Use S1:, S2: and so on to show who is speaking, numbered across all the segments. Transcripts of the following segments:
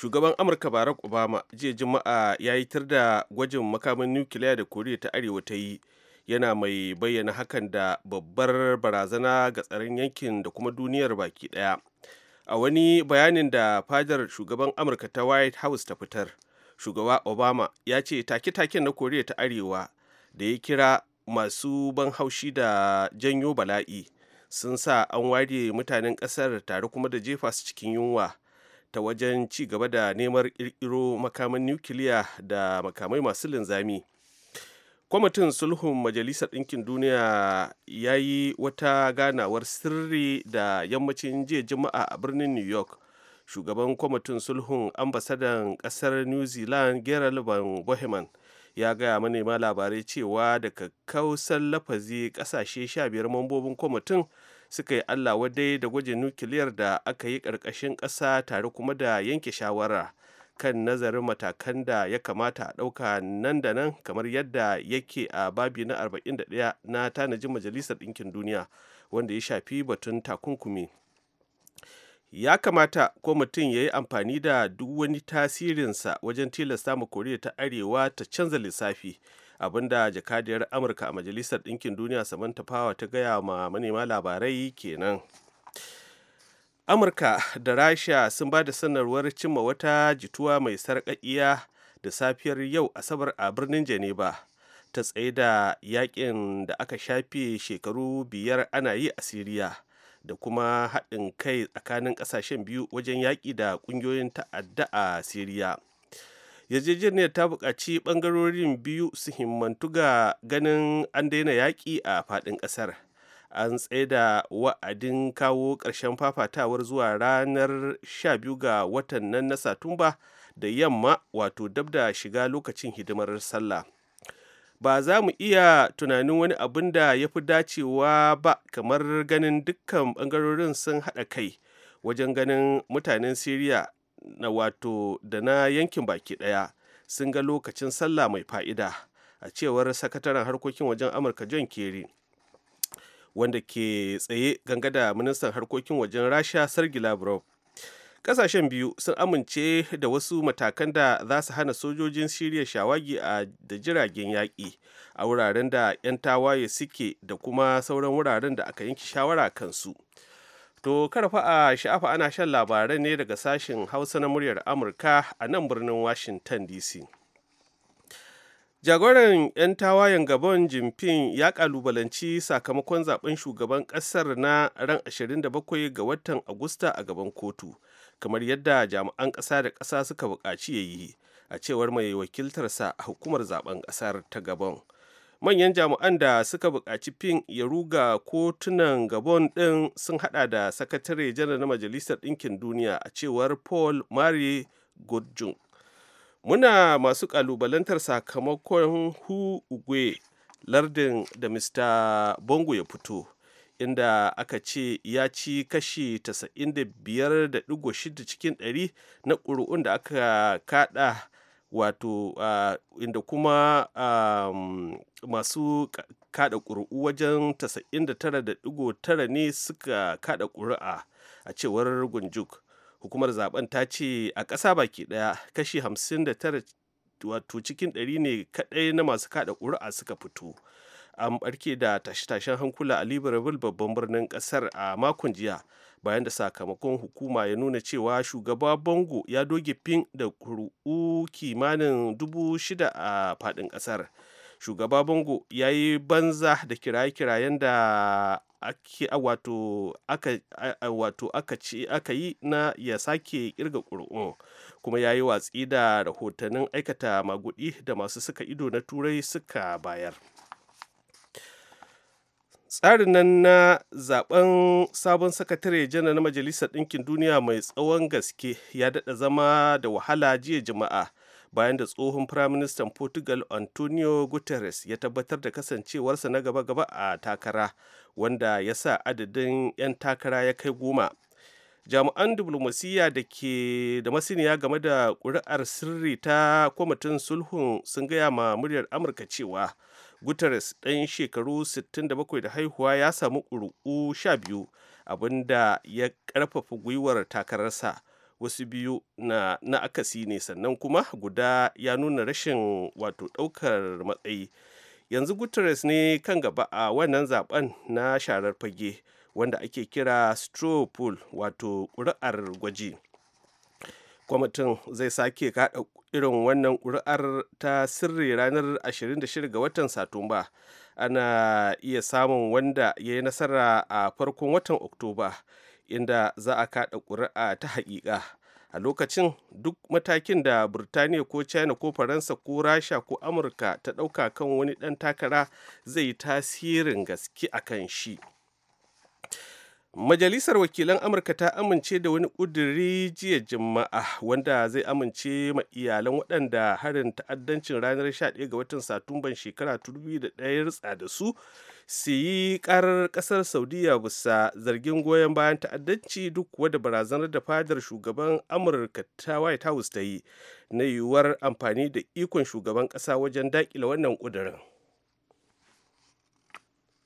S1: shugaban amurka barack obama jiya juma'a ya yi tar da gwajin makamin nukiliya da koriya ta arewa ta yi yana mai bayyana hakan da babbar barazana ga tsaron yankin da kuma duniyar baki daya a wani bayanin da fadar shugaban amurka ta white house ta fitar shugaba obama ya ce take take na koriya ta arewa da ya kira masu ban haushi da janyo bala'i sun sa an ware mutanen kasar tare kuma da jefa su cikin yunwa ta wajen ci gaba da neman ƙirƙiro makaman nukiliya da makamai masu linzami kwamitin sulhun majalisar ɗinkin duniya ya yi wata ganawar sirri da yammacin jiya juma'a a birnin new york shugaban kwamitin sulhun ambasadan ƙasar new zealand gerald van boheman ya gaya manema labarai cewa daga kausan lafazi ƙasashe 15 mambobin kwamitin suka yi allah wadai da gwajin nukiliyar da aka yi ƙarƙashin ƙasa tare kuma da yanke shawara kan nazarin matakan da ya kamata a ɗauka nan da nan kamar yadda yake a babi na 41 na tanajin majalisar ɗinkin duniya wanda ya shafi batun takunkumi ya kamata ko mutum ya yi amfani da duk wani tasirinsa wajen tilasta ma koriya ta arewa ta canza lissafi abinda jakadiyar amurka a majalisar ɗinkin duniya samantha power ta gaya ma manema labarai kenan amurka da rasha sun ba da sanarwar cimma wata jituwa mai sarƙaƙiya da safiyar yau asabar a birnin geneva ta tsaye da yakin da aka shafe shekaru biyar ana yi a siriya da kuma haɗin kai tsakanin ƙasashen biyu wajen yaƙi da ƙungiyoyin ta'adda a siriya yarjejeniyar ta buƙaci ɓangarorin biyu su himmantu ga ganin an daina yaƙi a faɗin ƙasar an tsaida wa'adin kawo ƙarshen fafatawar zuwa ranar 12 ga watan nan na satumba da yamma wato dab da shiga lokacin hidimar sallah ba za mu iya tunanin wani abin da ya fi dacewa ba kamar ganin dukkan bangarorin sun haɗa kai wajen ganin mutanen siriya na wato da na yankin baki ɗaya sun ga lokacin sallah mai fa'ida a cewar sakataren harkokin wajen amurka john kerry wanda ke tsaye ganga da ministan harkokin wajen rasha sergi lavrov kasashen biyu sun amince da wasu matakan da za su hana sojojin shirya shawagi a da jiragen yaƙi a wuraren da 'yan tawaye suke da kuma sauran wuraren da aka yanke shawara kansu To karfa a sha'afa ana shan labarai ne daga sashen Hausa na muryar Amurka a nan birnin Washington DC. Jagoran 'yan tawayen Gabon Jinping ya kalubalanci sakamakon zaben shugaban kasar na ran 27 ga watan Agusta a gaban kotu, kamar yadda jami'an ƙasa da ƙasa suka buƙaci ya yi, a cewar mai wakiltarsa a hukumar zaben ƙasar ta Gabon. manyan jami'an da suka buƙaci fin ya ruga kotunan gabon ɗin sun hada da sakatare janar na majalisar ɗinkin duniya a cewar paul marie godjun muna masu ƙalubalantar sakamakon hu ugwe lardin da mr bongo ya fito inda aka ce ya ci kashi 95.6 cikin 100 na ƙuri'un da aka kada wato inda kuma mm, masu kada ƙuri'u wajen 99.9 ne suka kada ƙuri'a a cewar gunjuk hukumar zaben ta ce a ƙasa baki ɗaya kashi 59 wato cikin ɗari ne kaɗai na masu kada ƙuri'a suka fito an barke da tashe-tashen hankula a libreville babban birnin ƙasar a makon jiya bayan da sakamakon hukuma ya nuna cewa shugaba bongo ya doge fin da kuri'u kimanin dubu shida a faɗin ƙasar shugaba bongo ya yi banza da kiraye-kirayen da wato aka yi na ya sake kirga ƙuri'un kuma ya yi watsi da rahotannin aikata magudi da masu suka ido na turai suka bayar tsarin nan na zaben sabon sakatare janar na majalisar ɗinkin duniya mai tsawon gaske ya daɗa zama da wahala jiya juma'a bayan da tsohon firaministan portugal antonio guterres ya tabbatar da kasancewarsa na gaba-gaba a takara wanda ya sa adadin 'yan takara ya kai goma jami'an diplomasiyya da ke da masiniya game da ƙuri'ar sirri ta kwamitin sulhun sun gaya ma muryar amurka cewa guterres ɗan shekaru 67 da haihuwa ya samu ƙuri'u 12 abinda ya ƙarfafa gwiwar takararsa wasu biyu na, na akasi ne sannan kuma guda ya nuna rashin wato ɗaukar matsayi yanzu guterres ne kan gaba a wannan zaben na sharar fage wanda ake kira straw poll wato ƙuri'ar gwaji kwamitin zai sake kaɗa irin wannan ƙuri'ar ta sirri ranar 26 ga watan satumba ana iya samun wanda ya yi nasara a farkon watan oktoba inda za a kaɗa ƙuri'a ta haƙiƙa a lokacin duk matakin da birtaniya ko china ko faransa ko rasha ko amurka ta ɗauka kan wani ɗan takara zai tasirin gaske a kan shi Majalisar Wakilan Amurka ta amince da wani ƙudiri jiya Juma'a wanda zai amince ma iyalan waɗanda harin ta'addancin ranar 11 ga watan Satumban shekara 2001 ritsa da su su yi ƙarar ƙasar Saudiya bisa zargin goyon bayan ta'addanci duk wadda barazanar da fadar shugaban Amurka ta White House ta yi na yiwuwar amfani da ikon shugaban ƙasa wajen daƙile wannan ƙudirin.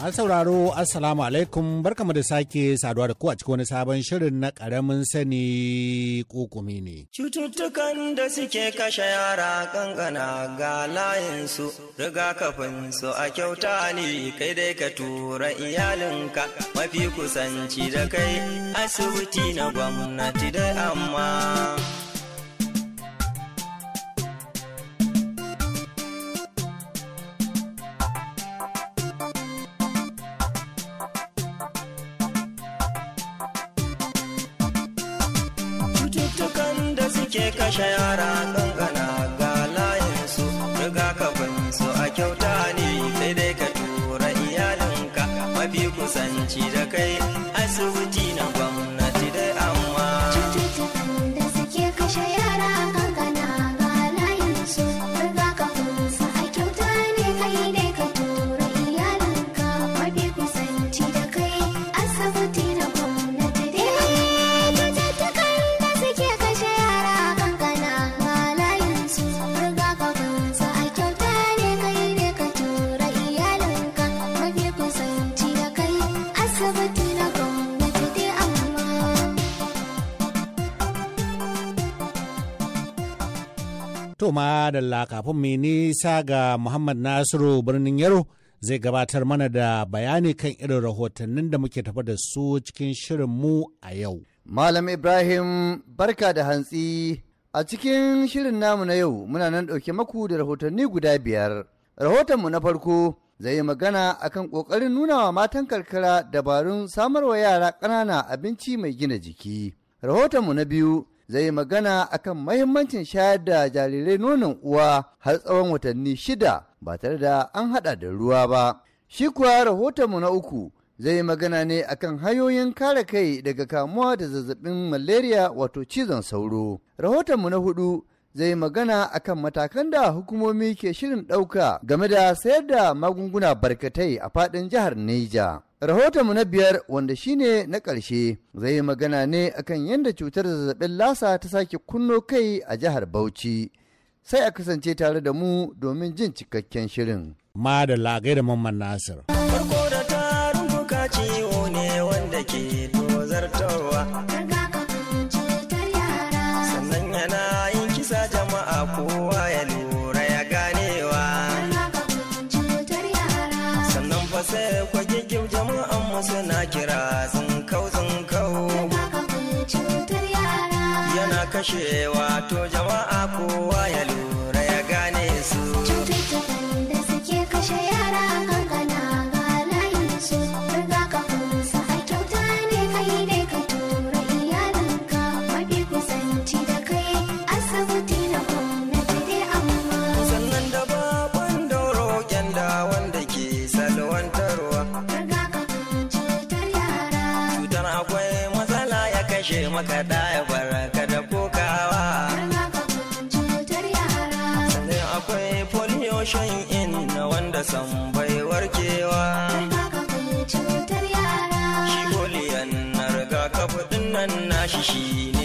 S2: Masu sauraro Assalamu alaikum barkamu da sake saduwa da ku a cikin wani sabon shirin na karamin sani kukumi ne.
S3: Cututtukan da suke kashe yara kankana ga layinsu rigakafinsu a kyauta ne kai dai ka tura iyalinka mafi kusanci da kai asibiti na gwamnati dai amma. kashe
S2: madalla kafin mai nisa ga Muhammad Nasiru birnin Yaro zai gabatar mana da bayani kan irin rahotannin da muke tafa da su
S4: cikin mu a yau. Malam Ibrahim barka da hantsi a cikin shirin namu na yau muna nan ɗauke maku da rahotanni guda biyar. Rahotonmu na farko zai yi magana akan ƙoƙarin nuna wa matan karkara dabarun samarwa yara ƙanana abinci mai gina jiki. Rahotonmu na biyu zai yi magana akan mahimmancin shayar da jarirai nonon uwa har tsawon watanni shida ba tare da an hada da ruwa ba. Shi kuwa rahotonmu na uku zai yi magana ne akan hanyoyin kare kai daga kamuwa da zazzabin malaria wato cizon sauro. Rahotonmu na hudu zai magana akan matakan da hukumomi ke shirin ɗauka game da sayar da magunguna barkatai a faɗin jihar Neja. Rahotonmu na biyar wanda shine na karshe zai magana ne akan yadda cutar zazzabin lasa ta sake kunno kai a jihar Bauchi. Sai a kasance tare da mu domin jin cikakken shirin. Ma da lagai da Mamman Nasir.
S3: kowa ya lura ya ganewa sannan fa sai kwagigiw jama'an mu suna kira zinkau zinkau yana kashe 嘻嘻。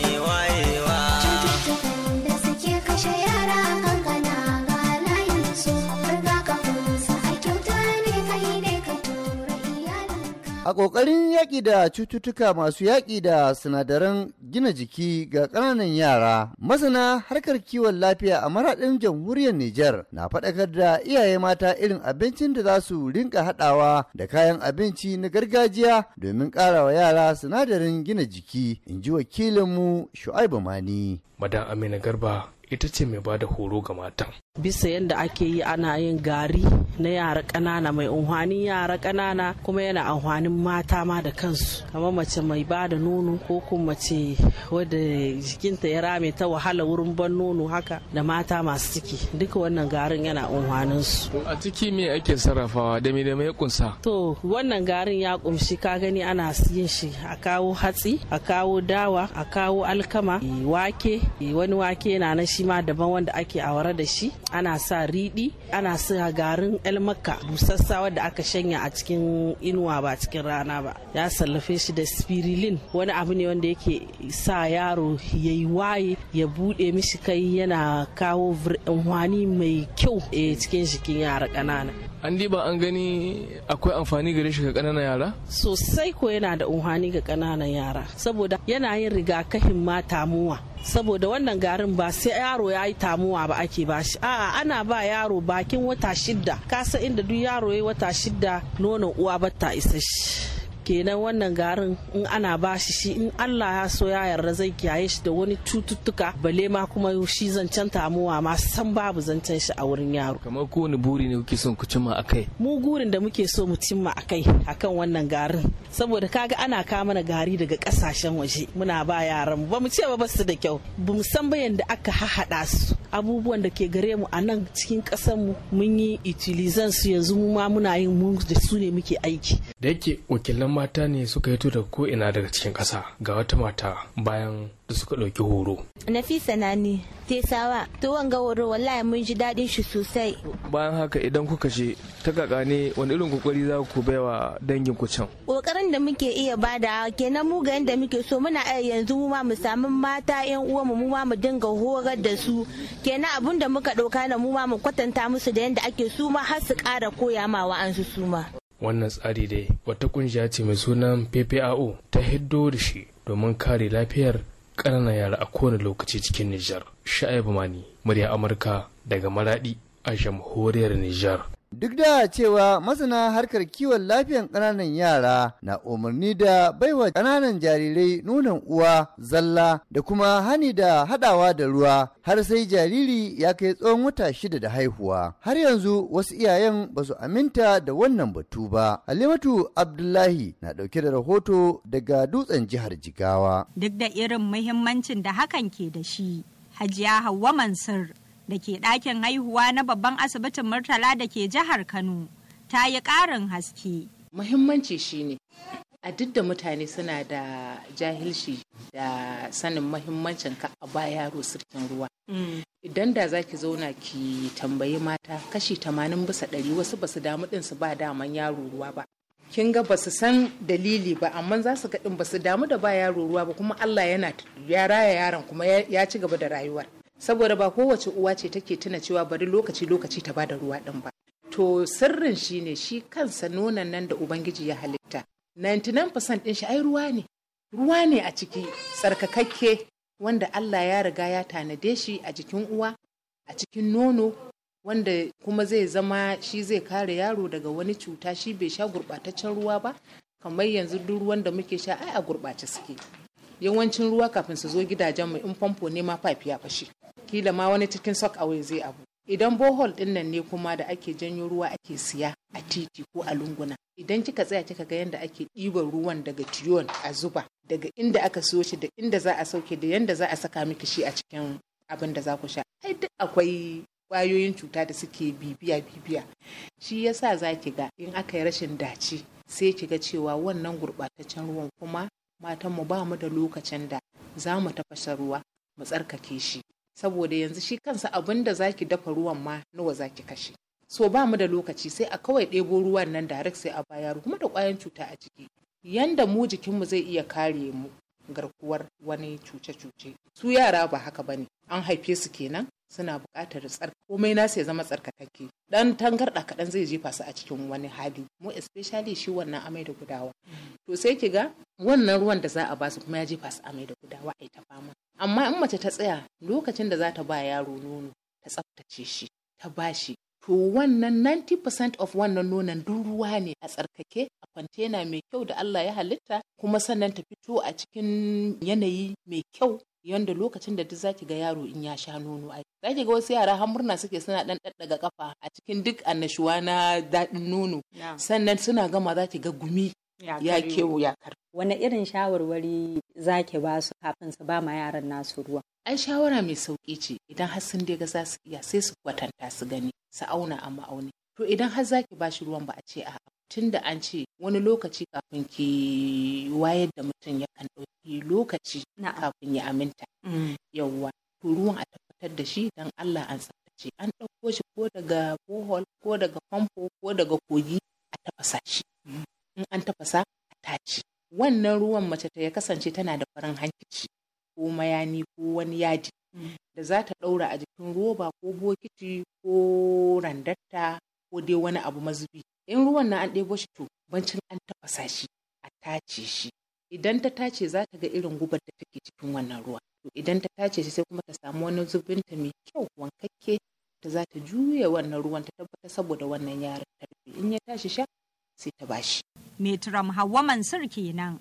S4: A ƙoƙarin yaƙi da cututtuka masu yaƙi da sinadaran gina jiki ga ƙananan yara, masana harkar kiwon lafiya a maraɗin jamhuriyar Nijar na faɗakar da iyaye mata irin abincin da za su rinka haɗawa da kayan abinci na gargajiya domin ƙara wa yara sinadarin gina jiki, in ji wakilinmu Shu'aibu Mani. Madan Amina Garba ita ce mai ba da horo ga matan
S5: bisa yadda ake yi ana yin gari na yara ƙanana mai unhwanin yara ƙanana kuma yana unhwanin mata ma da kansu kamar mace mai ba da nono ko kuma mace wadda jikinta ya rame ta wahala wurin ban nono haka da mata masu ciki duka wannan garin yana unhwanin su
S6: a ciki me ake sarrafawa da me da kunsa
S5: to wannan garin ya kunshi ka gani ana yin shi a kawo hatsi a kawo dawa a kawo alkama wake wani wake yana na shi ma daban wanda ake awara da shi ana sa riɗi ana sa garin elmaka busassa wadda aka shanya a cikin inuwa ba cikin rana ba ya sallafe shi da spirilin wani abu ne wanda yake sa yaro ya yi waye ya buɗe mishi kai yana kawo wani mai kyau eh, cikin jikin yara ƙanana
S6: an diba an gani akwai amfani gare shi ga ƙananan yara
S5: sosai ko yana da amfani ga ƙananan yara saboda yana yin rigakafin ma tamuwa saboda wannan garin ba sai yaro ya yi tamuwa ba ake ba shi a'a ana ba yaro bakin wata shidda kasa inda duk yaro ya yi wata shidda nonon uwa bata isa shi kenan wannan garin in ana bashi shi in Allah ya so ya yarda zai kiyaye shi da wani cututtuka bale ma kuma shi zancen tamuwa ma san babu zancen shi a wurin yaro kamar kowane
S6: buri ne kuke son ku cimma
S5: akai mu gurin da muke so mu cimma akai akan wannan garin saboda kaga ana kama na gari daga kasashen waje muna ba yaran mu ba mu ce ba basu da kyau bamu san ba yanda aka hahada su abubuwan da ke gare mu a nan cikin ƙasar mu mun yi utilizan su yanzu mu ma muna yin mu da su ne muke aiki
S1: da yake wakilan mata ne suka yi to ko'ina ko ina
S6: daga cikin ƙasa ga wata mata bayan da suka ɗauki horo.
S5: Nafisa na ne, Tesawa, to wanga horo wallahi mun ji daɗin shi sosai.
S6: Bayan haka idan kuka je ta kaka ne wani irin kokari za ku baiwa dangin ku can.
S5: Kokarin da muke iya bada kenan mu ga yanda muke so muna aya yanzu mu ma mu samu mata ƴan uwa mu ma mu dinga horar da su kenan abun da muka ɗauka na mu ma mu kwatanta musu da yadda ake su ma har su ƙara koya ma wa'ansu su ma.
S6: Wannan tsari dai wata kungiya ce mai sunan PPAO ta hiddo da shi domin kare lafiyar ƙananan yara a kowane lokaci cikin Nijar. Sha'ibu Mani, murya Amurka daga maraɗi a jamhuriyar Nijar.
S4: Duk da cewa masana harkar kiwon lafiyan ƙananan yara na umarni da baiwa ƙananan jarirai nunan uwa zalla da kuma hani da haɗawa da ruwa har sai jariri ya kai tsawon wata shida da haihuwa. Har yanzu wasu iyayen ba su aminta da wannan batu ba. Halimatu Abdullahi na ɗauke da rahoto daga dutsen jihar Jigawa.
S5: Duk da irin muhimmancin da hakan ke da shi, Hajiya Hauwa Mansur da ke ɗakin haihuwa na babban asibitin Murtala da ke jihar Kano ta yi ƙarin haske.
S7: Muhimmanci shine a duk da mutane suna da jahilci da sanin muhimmancin ka a ba yaro sirkin ruwa. Mm. Idan da za ki zauna ki tambayi mata kashi tamanin bisa ɗari wasu basu damu ɗin su ba daman yaro ruwa ba. kin ga basu san dalili ba amma za su ga ɗin basu damu da ba yaro ruwa ba kuma Allah yana ya raya yaron kuma ya ci gaba da rayuwar. saboda ba kowace uwa ce take tuna cewa bari lokaci lokaci ta bada ruwa din ba to sirrin shi ne shi kansa nonon nan da ubangiji ya halitta 99% din shi ai ruwa ne ruwa ne a ciki tsarkakakke wanda Allah ya riga ya tanade shi a jikin uwa a cikin nono wanda kuma zai zama shi zai kare yaro daga wani cuta shi bai sha gurɓataccen ruwa ba kamar yanzu duk ruwan da muke sha ai a gurɓace suke yawancin ruwa kafin su zo gidajen mu in famfo ne ma pipe ya fashe kila ma wani cikin sok away zai abu idan bohol din nan ne kuma da ake janyo ruwa ake siya a titi ko a lunguna idan kika tsaya kika ga yadda ake ɗiban ruwan daga tiyon a zuba daga inda aka siyo shi da inda za a sauke da yadda za a saka miki shi a cikin abin da za ku sha ai duk akwai kwayoyin cuta da suke bibiya bibiya shi yasa za ki ga in aka yi rashin dace sai ki ga cewa wannan gurɓataccen ruwan kuma matanmu ba mu da lokacin da za mu tafasa ruwa mu tsarkake shi saboda yanzu shi kansa abin da za ki dafa ruwan ma nawa za ki kashe so ba mu da lokaci sai a kawai ɗebo ruwan nan direct sai a baya kuma da ƙwayan cuta a ciki yanda mu jikinmu zai iya kare mu garkuwar wani cuce-cuce su yara ba haka bane an haife su kenan suna buƙatar tsar komai nasu ya zama tsarkakakke dan tangarɗa kaɗan zai jefa su a cikin wani hali mu especially shi wannan amai da gudawa to sai ki ga wannan ruwan da za a basu kuma ya jefa su amai da gudawa ai ta fama amma in mace ta tsaya lokacin da za ta ba yaro nono ta tsaftace shi ta bashi to wannan 90% of wannan nonon duk ruwa ne a tsarkake a kwantena mai kyau da Allah ya halitta kuma sannan ta fito a cikin yanayi mai kyau yanda lokacin da duk zaki ga yaro in ya sha nono ai zaki ga wasu yara har murna suke suna dan daddaga kafa a cikin duk annashuwa na dadin nono sannan suna gama zaki ga gumi
S5: ya kewo ya kar
S7: wani irin shawarwari zaki ba su kafin su ba ma yaran nasu ruwa ai shawara mai sauki ce idan har sun dai ga za su iya sai su kwatanta su gani su auna a ma'auni to idan har zaki ba shi ruwan ba a ce a tun da an ce wani lokaci kafin ki wayar da mutum yakan ɗauki lokaci kafin ya aminta mm. yawwa ruwan a tabbatar da shi don Allah an tsaftace an ɗauko shi ko daga bohol ko daga famfo ko daga kogi a tafasa shi mm. in an tafasa a tace wannan ruwan mace ta ya kasance tana da farin hankici ko mayani ko wani yadi mm. da za ta ɗaura a jikin roba ko bokiti ko randatta ko dai wani abu mazubi in ruwan na an ɗebo shi to bancin an tafasa shi a tace shi idan ta tace za ta ga irin gubar da take cikin wannan ruwa to idan ta tace shi sai kuma ta samu wani zubin ta mai kyau wankakke ta za ta juya wannan ruwan ta tabbata saboda wannan yaran tarbi
S5: in ya tashi sha sai ta bashi. Metram Hawwa Mansur kenan.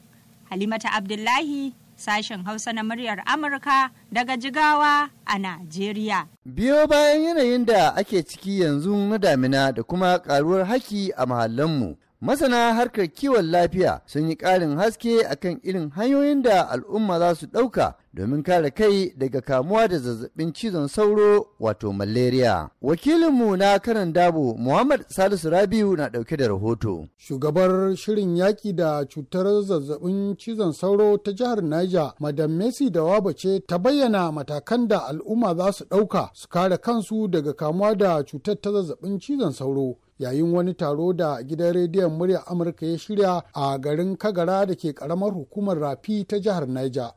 S5: Halimata Abdullahi sashen Hausa na muryar Amurka daga Jigawa a Najeriya.
S4: Biyo bayan yanayin da ake ciki yanzu na damina da kuma karuwar haki a mahallanmu, Masana harkar kiwon lafiya sun yi ƙarin haske akan irin hanyoyin da al'umma za su ɗauka domin kare kai daga kamuwa da zazzabin cizon sauro wato malaria. Wakilinmu na karan dabo Muhammad Salisu Rabiu na ɗauke da rahoto.
S8: Shugabar shirin yaƙi da cutar zazzabin cizon sauro ta jihar Niger, Madam Messi da Wabace ta bayyana matakan da al'umma za su ɗauka su kare kansu daga kamuwa da cutar ta zazzabin cizon sauro. yayin wani taro da gidan rediyon murya amurka ya shirya a garin kagara da ke karamar hukumar rafi ta jihar niger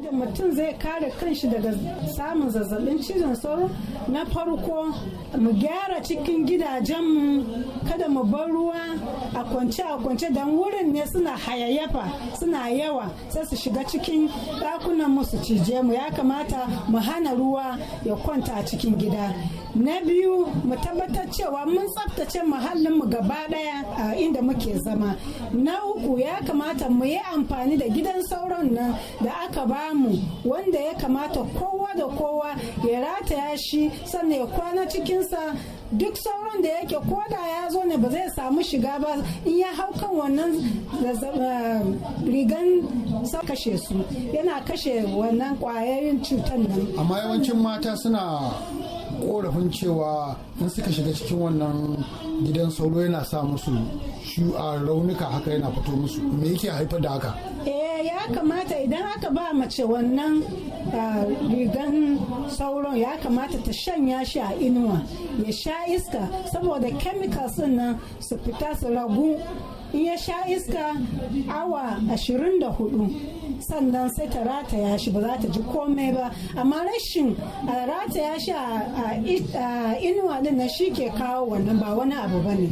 S9: da mutum zai kare kanshi daga samun zazzabin cizon sauro na farko mu gyara cikin gidajenmu kada mu bar ruwa a kwance a kwance don wurin ne suna hayayyafa suna yawa sai su shiga cikin ɗakunan musu su cije mu ya kamata mu hana ruwa ya kwanta a cikin gida na biyu mu tabbatar cewa mun tsaftace muhallinmu gaba daya a inda muke zama na uku ya kamata mu yi amfani da gidan sauron nan da aka bamu wanda ya kamata kowa da kowa ya rataya shi sannan ya kwana cikinsa duk sauran da yake koda ya zo ne ba zai samu shiga ba in ya hau kan wannan rigan kashe su yana kashe wannan kwayoyin cutar nan
S8: amma yawancin mata suna korafin cewa in suka shiga cikin wannan gidan sauro yana sa musu shu a raunuka haka yana fito musu me yake haifar da haka
S9: eh ya kamata idan aka ba mace wannan ah, rigan sauron ya kamata ta shanya shi a inuwa ya sha iska saboda chemicals nan su fita su ragu in ya sha iska awa 24 sannan sai ta rataya shi ba za ta ji komai ba amma rashin rataya shi a inuwa din na shi ke kawo wannan ba wani abu ba ne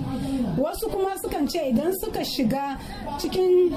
S9: wasu kuma sukan ce idan suka shiga cikin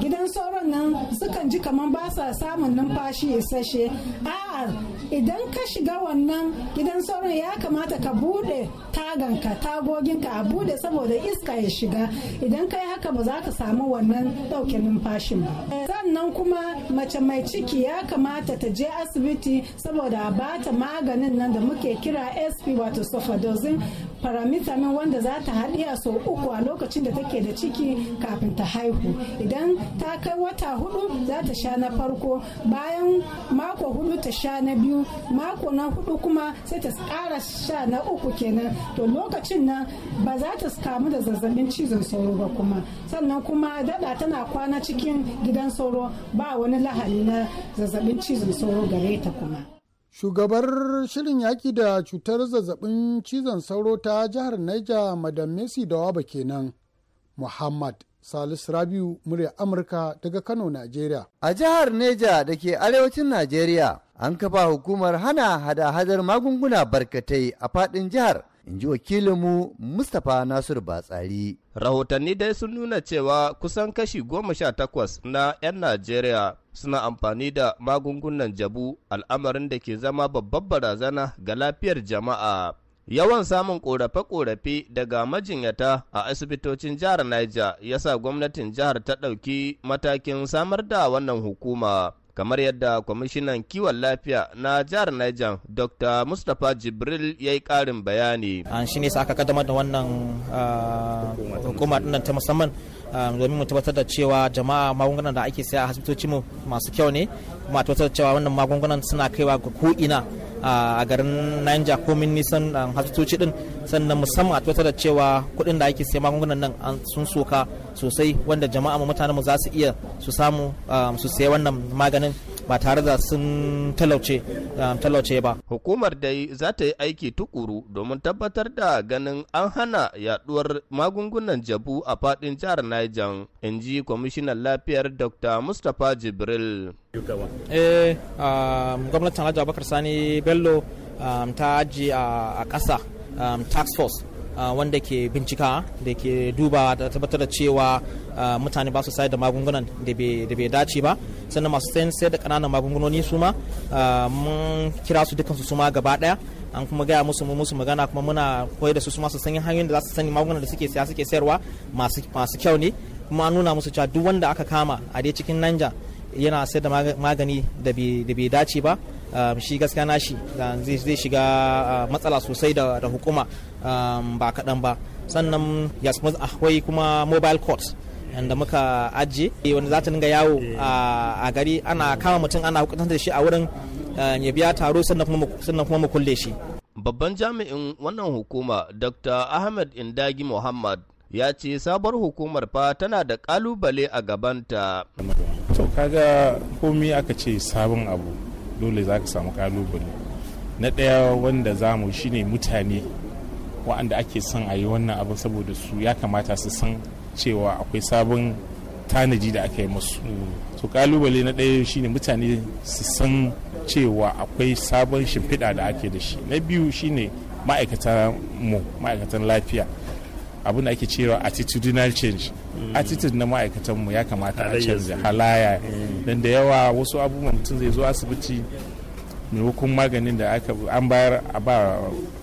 S9: gidan sauran nan sukan ji kamar ba sa samun numfashi isasshe a'a idan ka shiga wannan gidan sauron ya kamata ka bude taganka tagoginka a bude saboda iska ya shiga idan ka yi haka ba za ka samu wannan ɗauke numfashin ba sannan kuma mace mai ciki ya kamata ta je asibiti saboda a bata maganin nan da muke kira sp wato sofadozin paramitamin wanda za ta a sau uku a lokacin da take da ciki kafin ta haihu idan ta kai wata hudu za ta sha na farko bayan mako hudu ta sha na biyu mako na hudu kuma sai ta kara sha na uku kenan to lokacin nan ba za ta kamu da zazzabin cizon sauro ba kuma sannan kuma dada tana kwana cikin gidan sauro ba wani lahani na zazzabin cizon sauro gare ta kuma.
S8: Shugabar shirin yaƙi da cutar zazzabin cizon sauro ta jihar neja Madam Messi Dawaba kenan. Muhammad Salisu Rabiu murya Amurka daga Kano, nigeria.
S4: A jihar Neja da ke arewacin nigeria. an kafa hukumar hana hada-hadar magunguna barkatai a fadin jihar in ji wakilinmu mustapha nasiru batsari
S10: rahotanni dai sun nuna cewa kusan kashi goma sha takwas na 'yan najeriya suna amfani da magungunan jabu al'amarin da ke zama babbar barazana ga lafiyar jama'a yawan samun korafe-korafe daga majinyata a asibitocin jihar niger ya sa gwamnatin jihar ta ɗauki matakin samar da wannan hukuma kamar yadda kwamishinan kiwon lafiya na jihar Niger Dr. Mustapha Jibril ya yi ƙarin bayani.
S11: An shi ne aka kaddamar da wannan ah, hukuma ta musamman Um, domin mu tabbatar da cewa jama'a magungunan da ake siya a asibitoci mu masu kyau ne kuma tabbatar da cewa wannan magungunan suna kaiwa ga ko'ina a garin Niger ko min nisan hasitoci um, din sannan musamman a tabbatar da cewa kuɗin da ake siya magungunan nan sun soka sosai wanda jama'a mu mutanen mu za su iya su samu um, su siya wannan maganin ba tare da sun talauce ah, talauce ba
S10: hukumar dai za ta yi aiki tukuru domin tabbatar da ganin an hana yaduwar magungunan jabu a fadin jihar Niger in ji kwamishinan lafiyar Dr. Mustapha Jibril
S11: eh ah, gwamnatin Alhaji Abubakar Sani Bello ah, ta aji a ƙasa tax force wanda ke bincika da ke duba da tabbatar da cewa mutane ba su sayar da magungunan da bai dace ba sannan masu sayar da kananan magungunoni su ma mun kira su dukansu su ma gaba daya an kuma gaya musu mu musu magana kuma muna koyar da su su masu sanyin hanyoyin da za su sani magungunan da suke siya suke sayarwa masu kyau ne kuma an nuna musu cewa duk wanda aka kama a dai cikin nanja yana sayar da magani da bai dace ba Um, shi gaskiya na shi zai shiga uh, matsala sosai da hukuma um, ba kaɗan ba sannan yasmus akwai kuma mobile court da muka ajiye wanda za ta dinga yawo eh. a gari ana kama mutum ana hukuntar da shi a wurin um, ya biya taro sannan kuma mu kulle shi
S10: babban jami'in wannan hukuma dr ahmed indagi muhammad ya ce sabuwar hukumar fa tana da kalubale a gabanta
S12: to kaga komi aka ce sabon abu dole za ka samu kalubale na ɗaya wanda za mu shine mutane wa'anda ake son a yi wannan abin saboda su ya kamata su san cewa akwai sabon tanaji da aka yi masu kalubale na ɗaya shine mutane su san cewa akwai sabon shimfiɗa da ake da shi na biyu shine ma'aikatan mu ma'aikatan lafiya abin da ake cewa attitudinal change mm. attitude na ma'aikatan mu ya kamata a canza halaya mm. dan da yawa wasu abubuwan mutum zai zo asibiti mai hukun maganin da aka an bayar a ba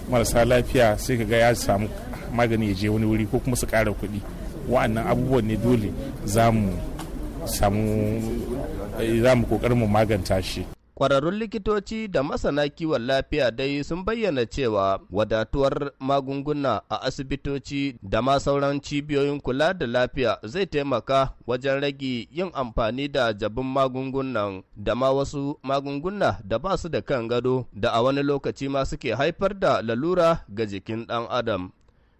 S12: marasa lafiya sai ka ga ya samu magani ya je wani wuri ko kuma su kara kuɗi wa'annan abubuwan ne dole za mu samu za mu kokarin mu maganta shi
S10: Kwararrun likitoci da masana kiwon lafiya dai sun bayyana cewa wadatuwar magunguna a asibitoci da ma sauran cibiyoyin kula da lafiya zai taimaka wajen rage yin amfani da jabin magungunan da ma wasu magunguna da ba su da kan gado da a wani lokaci ma suke haifar da lalura ga jikin ɗan adam.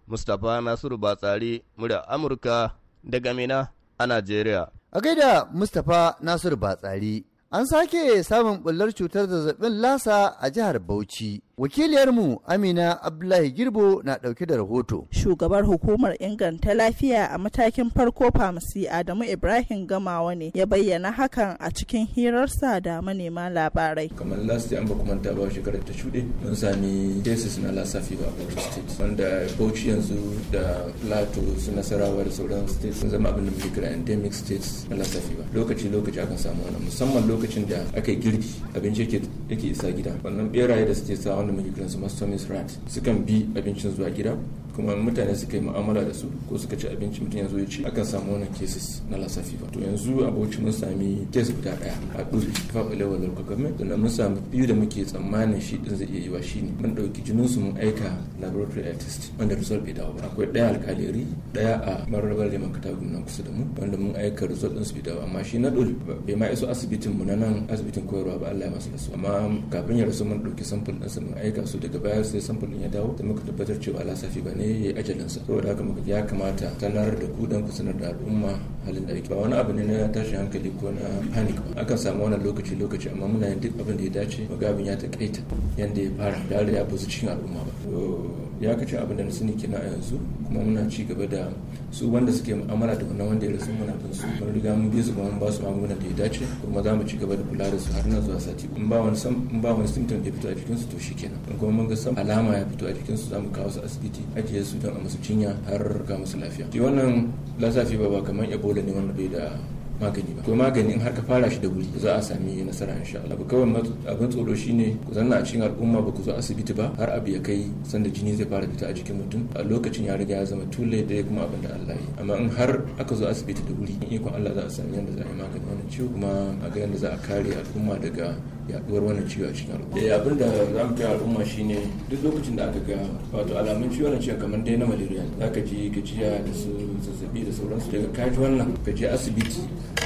S10: Mustapha Nasiru Batsari, murya Amurka daga Mina a Najeriya.
S4: A gaida Mustapha Nasiru Batsari. an sake samun bullar cutar zazzabin lasa a jihar Bauchi Wakiliyarmu Amina Abdullahi Girbo na ɗauke da rahoto. Shugabar hukumar
S5: inganta lafiya a matakin farko famasi Adamu Ibrahim Gamawa ne ya bayyana hakan a cikin hirarsa da manema labarai. Kamar
S6: last an ba kuma ta ba shekarar ta shuɗe mun sami cases na lasafi ba a state wanda Bauchi yanzu da Plateau su Nasarawa da sauran states sun zama abin da muke kira endemic states na lasafi ba. Lokaci lokaci akan samu wannan musamman lokacin da aka girki abinci yake isa gida wannan beraye da suke sa The muke kiransu masu tomis Second, B, bi abincin zuwa gida kuma mutane suka yi mu'amala da su ko suka ci abinci mutum yanzu ya ce akan samu wannan cases na lasafi ba to yanzu a bauchi mun sami case guda daya a duri fafalewar local government sannan mun sami biyu da muke tsammanin shi din zai iya yiwa shine mun dauki jinin su mun aika laboratory test wanda result bai dawo ba akwai daya alkaleri daya a mararabar da makatagun nan kusa da mu wanda mun aika result din su bai dawo amma shi na duri bai ma iso asibitin mu na nan asibitin koyarwa ba Allah ya masa su amma kafin ya rasu mun dauki sample din su mun aika su daga baya sai sample din ya dawo da muka tabbatar cewa lasafi ba ne yayi ya ajalin sa saboda haka muka ya kamata sanar da ku dan sanar da al'umma halin da yake ba wani abu ne na tashi hankali ko na panic ba akan samu wannan lokaci lokaci amma muna yin duk abin da ya dace magabin ya ta ya takaita yanda ya fara da ya buzu cikin al'umma ba ya kace abin da na sani kina a yanzu kuma muna ci gaba da su wanda suke mu'amala da wannan wanda ya rasu muna bin su mun riga mun bi su kuma mun ba su magunguna da ya dace kuma za mu ci gaba da kula da su har na zuwa sati in ba wani in ba wani symptom da fito a jikin su to in kuma mun ga san alama ya fito a jikin su za mu kawo su asibiti ajiye su don a musu cinya har ga musu lafiya to wannan lasafi ba ba kamar ebola ne wanda bai da magani ba magani maganin har ka fara shi da wuri za a sami nasara insha Allah kawai abin tsoro shine ku zanna a cikin al'umma ba ku zo asibiti ba har abu ya kai sanda jini zai fara fita a jikin mutum a lokacin ya riga ya zama tule da kuma abin da Allah yi amma in har aka zo asibiti da wuri in ikon Allah za a sami yadda za a yi maganin wannan ciwo kuma a ga yadda za a kare al'umma daga yaduwar wannan ciwo a cikin al'umma. Eh abin da za mu kai al'umma shi ne. duk lokacin da aka ga wato alamun ciwon nan ciwon kamar dai na malaria za ka ji gajiya da su zazzabi da sauransu daga kaji wannan ka je asibiti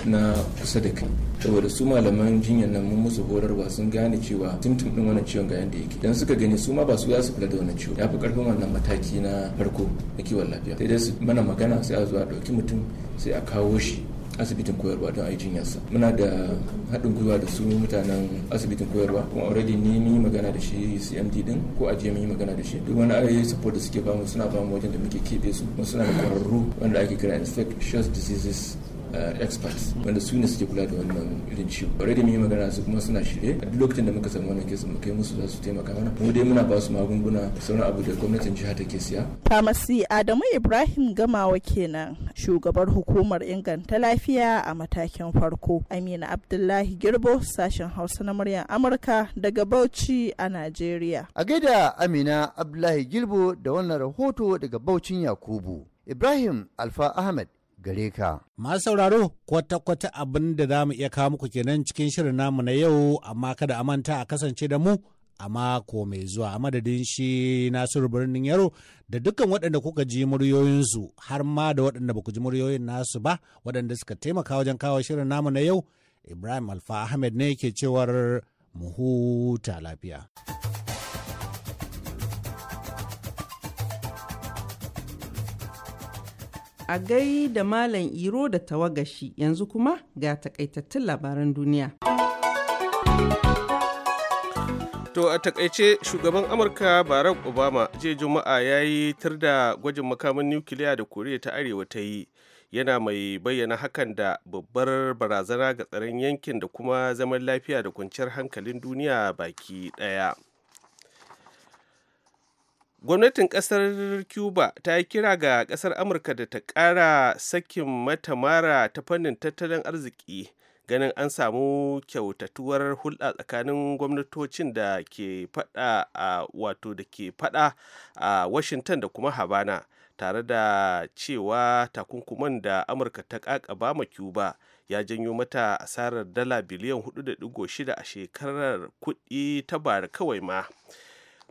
S6: na kusa da kai saboda su malaman jinyar nan mun musu horarwa sun gane cewa tuntun ɗin wannan ciwon ga yadda yake dan suka gani su ma ba su za su kula da wannan ciwon ya fi ƙarfin wannan mataki na farko na kiwon lafiya sai dai su mana magana sai a zuwa a ɗauki mutum sai a kawo shi asibitin koyarwa don a yi jinyarsa muna da haɗin gwiwa da su mutanen asibitin koyarwa kuma already ni yi magana da shi cmd din ko a jiya mun yi magana da shi duk wani ayoyi support da suke bamu suna bamu wajen da muke keɓe su kuma suna da ƙwararru wanda ake kira infectious diseases Eh, experts wanda su ne suke kula da wannan irin ciwo bare da mu magana su kuma suna shirye a duk lokacin da muka samu wannan kesa mu kai musu za su taimaka mana mu dai muna ba su magunguna sauran abu da gwamnatin jiha take siya
S5: famasi Adamu Ibrahim Gamawa kenan shugabar hukumar inganta lafiya a matakin farko Amina Abdullahi Girbo sashen Hausa na muryar Amurka daga Bauchi a Najeriya
S4: a gaida Amina Abdullahi Girbo da wannan rahoto daga bauchin Yakubu Ibrahim Alfa Ahmed gare ka. Masu sauraro kwata-kwata abin da za mu iya
S2: kawo muku kenan cikin shirin namu na yau amma kada a manta a kasance da mu a mako mai zuwa a madadin shi nasiru birnin yaro da dukkan waɗanda kuka ji muryoyinsu har ma da waɗanda ba ku ji muryoyin nasu ba waɗanda suka taimaka wajen kawo shirin namu na yau ibrahim alfa ahmed ne ke cewar mu huta lafiya.
S13: a gai da Malam Iro da tawagashi yanzu kuma ga takaitattun labaran duniya.
S1: To a takaice shugaban Amurka Barack Obama je Juma'a ya yi tur da gwajin makamin nukiliya da Koriya ta Arewa ta yi yana mai bayyana hakan da babbar barazana ga tsaron yankin da kuma zaman lafiya da kwanciyar hankalin duniya baki ɗaya. gwamnatin kasar cuba ta yi kira ga kasar amurka da ta kara sakin mata mara ta fannin tattalin arziki ganin an samu kyautatuwar hulɗa tsakanin gwamnatocin da ke fada a wato da ke fada a washington da kuma habana tare da cewa takunkuman da amurka ta kakaba ma cuba ya janyo mata asarar dala biliyan 4.6 a shekarar kuɗi ta bara kawai ma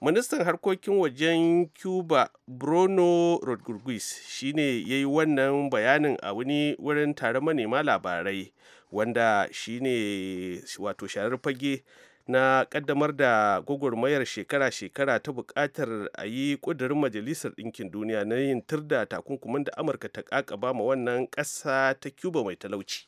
S1: ministan harkokin wajen cuba bruno rodriguez shine ya yi wannan bayanin a wani wurin tare manema labarai wanda shine wato sharar fage na kaddamar da gwagwarmayar shekara-shekara ta bukatar a yi ƙudurin majalisar ɗinkin duniya na yin da takunkumin da amurka ta kakaba ma wannan ƙasa ta cuba mai talauci